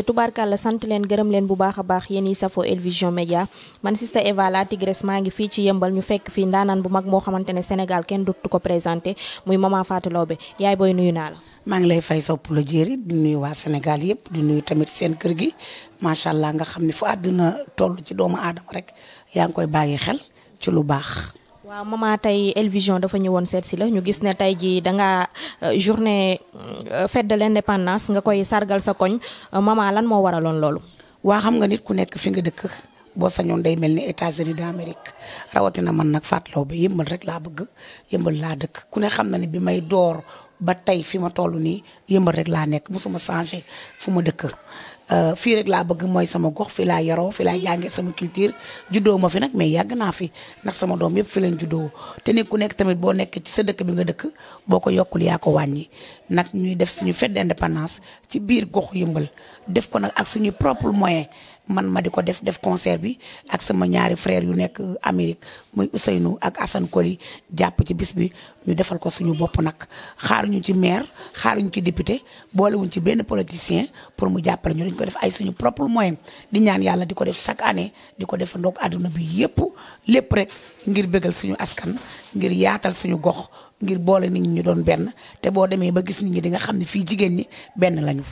tubaarkàlla sant leen gërëm leen bu baax a baax yéen yi safoo El Vision Média man sista Eva la Tigresse maa ngi fii ci yëmbal ñu fekk fii ndaanaan bu mag moo xamante ne Sénégal kenn dootu ko présenté muy Maman Fatou Laobé yaay booy nuyu naa la maa ngi lay fay sopp la jéeri di nuyu waa Sénégal yëpp di nuyu tamit seen kër gi macha allah nga xam ne fu àdduna toll ci doomu aadama rek yaa ngi koy bàyyi xel ci lu baax waaw maman tey El dafa ñëwoon seet si la ñu gis ne tey jii da nga euh, journée euh, fête de l'indépendance nga koy sargal sa koñ euh, maman lan moo waraloon loolu. waa xam nga nit ku nekk fi nga dëkk boo sañoon day mel ni États-Unis d'Amérique rawatina man nag fàttaloo bi yëmbal rek laa bëgg yëmbal laa dëkk ku ne xam na ne bi may door. ba tey fi ma toll nii yëmbal rek laa nekk mosuma changée fu ma dëkk Euh, fii rek laa bëgg mooy sama gox fii laa yaroo fi laa jàngee sama culture juddoo ma fi nag mais yàgg naa fi ndax sama doom yëpp fi leen juddoo te nit ku nekk tamit boo nekk ci sa dëkk bi nga dëkk boo ko yokkul yaa ko wàññi nag ñuy def suñu fête indépendance ci biir gox yëmbal def ko nag ak suñu propre moyen man ma di ko def def concert bi ak sama ñaari frère yu nekk Amérique muy Ousseynou ak Assane Koli jàpp ci bis bi ñu defal ko suñu bopp nag xaaruñu ci maire xaaruñu ci député boolewuñ ci benn politicien pour mu jàppale ñu dañ ko def ay suñu propre moyen di ñaan yàlla di ko def chaque année di ko def ndoog àdduna bi yépp lépp rek ngir bégal suñu askan ngir yaatal suñu gox ngir boole nit ñi ñu doon benn te boo demee ba gis nit ñi di nga xam ne fii jigéen ñi benn lañu.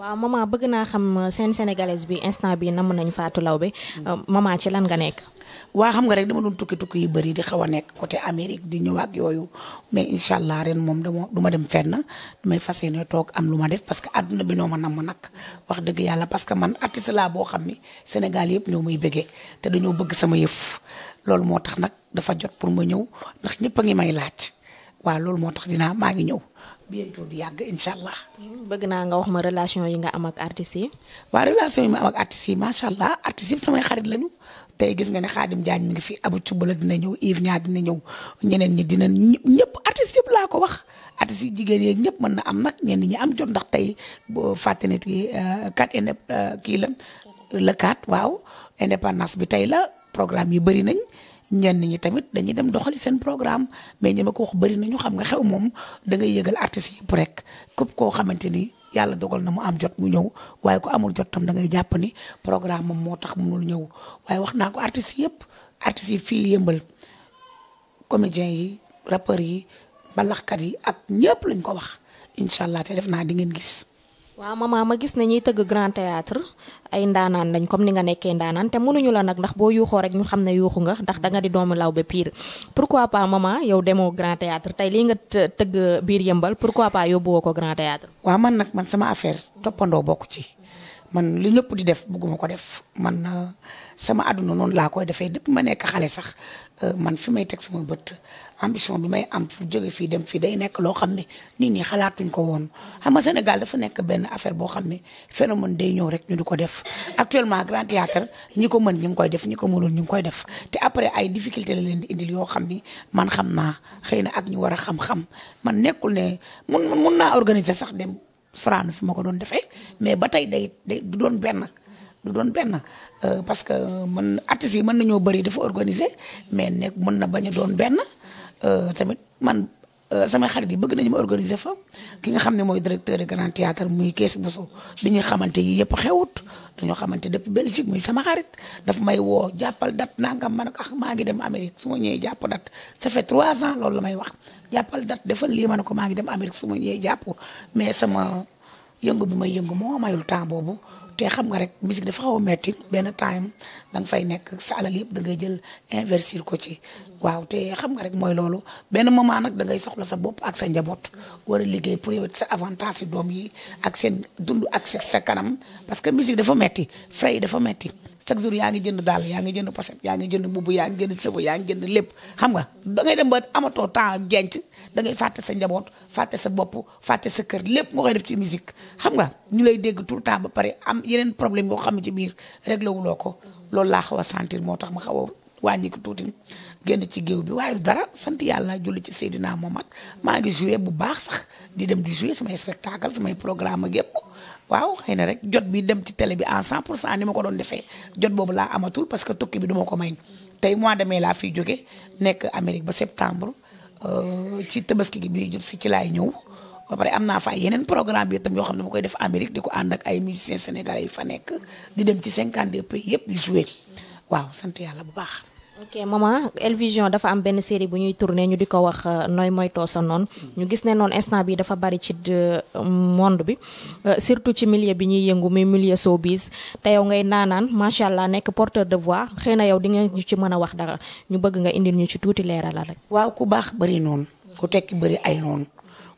waaw maman bëgg naa xam euh, seen sénégalaise bi instant bi namm nañ Fatou Laobé euh, maman ci lan nga nekk. waa xam nga rek dama doon tukki tukki yu bëri di xaw nekk côté Amérique di ñëw ak yooyu mais incha allah ren moom dama du ma dem fenn damay fas yéene toog am lu ma def parce que àdduna bi noo ma namm nag wax dëgg yàlla parce que man artiste laa boo xam ni Sénégal yëpp ñoo may bëggee te dañoo bëgg sama yëf loolu moo tax nag dafa jot pour ma ñëw ndax ñëpp a ngi may laaj. waaw loolu moo tax dinaa maa ngi ñëw bientôt di yàgg incha allah. bëgg naa nga wax ma relation yi nga am ak artistes yi. waaw relation yi ma am ak artistes yi macha allah artistes yëpp samay xarit lañu tey gis nga ne Xaadim Diagne mi ngi fi Abou Thioubala dina ñëw Yves Niang dina ñëw ñeneen ñi dina ñëpp artistes yëpp laa ko wax artistes yu jigéen yeeg ñëpp mën na am nag ñenn ñi am jot ndax tey boo fàtte ne kii kat euh, euh, kii lan le kat waaw indépendance bi tey la programme yi bëri nañ. ñenn ñi tamit dañuy dem doxali seen programme mais ñi ma ko wax bëri na ñu xam nga xew moom dangay ngay yëgal artistes yëpp rek képp koo xamante ni yàlla dogal na mu am jot mu ñëw waaye ko amul jot tam da ngay jàpp programme moom moo tax mënul ñëw waaye wax naa ko artistes yëpp artistes yi fii yëmbal comédiens yi rappeurs yi mbalaxkat yi ak ñëpp lañ ko wax incha allah te def naa di ngeen gis. waaw maman ma gis ne ñuy tëgg grand théâtre ay ndaanaan lañ comme ni nga nekkee ndaanaan te mënuñu la nag ndax boo yuuxoo rek ñu xam ne yuuxu nga ndax danga di doomu law ba pire pourquoi pas maman yow demoo grand théâtre tey lii nga tëgg biir yëmbal pourquoi pas yóbbuwoo ko grand théâtre waaw man nag man sama affaire toppandoo bokk ci man li ñëpp di def bugguma ko def man euh, sama àdduna noonu laa koy defee depuis ma nekk xale sax euh, man fi may teg sama bëtt ambition bi may am fu jóge fii dem fii day nekk loo xam ne nit ñi xalaatuñ ko woon xam nga dafa nekk benn affaire boo xam ne phénomène day ñëw rek ñu di ko def actuellement grand théâtre ñi ko mën ñu ngi koy def ñi ko mënul ñu ngi koy def te après ay difficulté la leen di indil yoo xam ni man xam naa xëy na ak ñu war a xam-xam man nekkul ne mun mun naa organiser sax dem saraanu fi ma ko doon defee mais ba tey day day du doon benn du doon benn euh, parce que euh, mën artistes yi mën nañoo bëri dafa organiser mais nekk mën na bañ a doon benn euh, tamit man. Euh, sama xarit yi bëgg nañu ma organiser fa ki nga xam ne mooy directeur de grand théâtre muy kees boso bi ñuy xamante yi yëpp xewut dañoo xamante depuis Belgique muy sama xarit daf may woo jàppal dat nangam man ak ah, maa ngi dem Amérique su ma ñëwee jàpp dat ça fait trois ans loolu la may wax jàppal dat defal lii ma ne ko maa ngi dem Amérique su ma ñëwee jàpp mais sama yëngu bi may yëngu moo mayul temps boobu te xam nga rek musique dafa xaw a metti benn time danga fay nekk sa alal yëpp da ngay jël investir ko ci. waaw te xam nga rek mooy loolu benn moment nag da ngay soxla sa bopp ak sa njaboot war liggéey pour yow sa avantage si doom yi ak seen dund ak sa kanam parce que musique dafa metti frais dafa metti chaque jour yaa ngi jënd daal yaa ngi jënd pochette yaa ngi jënd mbubb yaa ngi jënd sëbo yaa ngi jënd lépp xam da ngay dem ba amatoo temps genc da ngay fàtte sa njaboot fàtte sa bopp fàtte sa kër lépp nga koy def ci musique xam nga ñu lay dégg tout temps ba pare am yeneen problème yoo xam ne ci biir réglé wuloo ko loolu laa xaw a sentir moo tax ma xaw a wàññi ko tuuti génn ci géew bi waaye dara sant yàlla naa julli ci Seydina Mohamed maa ngi joué bu baax sax di dem di joué samay spectacle samay programme ak yëpp waaw xëy na rek jot bi dem ci télé bi en 100 pour cent ni ma ko doon defee jot boobu laa amatul parce que tukki bi duma ko may tey mois de mai laa fiy jóge nekk Amérique ba septembre euh, ci tabaski bi jub si ci laay ñëw ba pare am fa yenen programme yi tam yo xam ne koy def amerique diko and ak ay musiciens sénégalais yi fa nek di dem ci 52 pays yépp di jouer waaw sant yalla bu baax. ok mama El Vision dafa am ben série bu ñuy tourner ñu diko wax euh, noy moy to sa non ñu gis ne non instant bi dafa bari ci euh, monde bi euh, surtout ci milieu bi ñuy yëngu muy milieu showbiz te yow ngay nanan machallah allah porteur de voix xeyna na yow di nga ñu ci mëna wax dara ñu bëgg nga indil ñu ci tuuti léralal rek. waaw ku baax bari non ku tekki bari ay non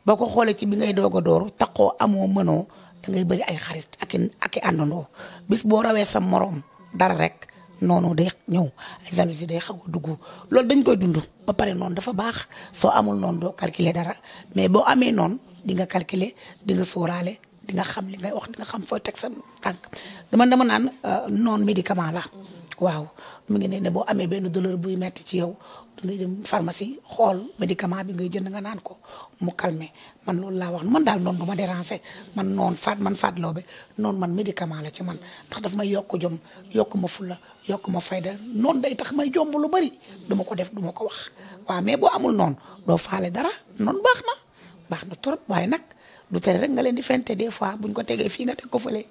boo ko xoolee ci bi ngay doog a door taxoo amoo mënoo da ngay bëri ay xarit ak i ak i àndandoo bis boo rawee sa moroom dara rek noonu day ñëw ay jalousie day xaw a dugg loolu dañ koy dund. ba pare noonu dafa baax soo amul noonu doo calculer dara mais boo amee noon di nga calculer di nga sóoraale di nga xam li ngay wax dinga xam fooy teg sa tànk dama dama naan euh, noonu médicament la. waaw mu ngi ne ne boo amee benn douleur buy metti ci yow dangay dem pharmacie xool médicament bi ngay jënd nga naan ko mu calmer man loolu laa wax man daal noonu du ma déranger man noon faat man faat loobe noonu man médicament la ci man ndax daf may yokk jom yokk ma fulla yokk ma fayda noonu day tax may jomb lu bari du ko def du ko wax waaw mais boo amul noonu doo faale dara noonu baax na baax na trop waaye nag du tere rek nga leen di fente des fois buñ ko tegee fii nga teg ko fële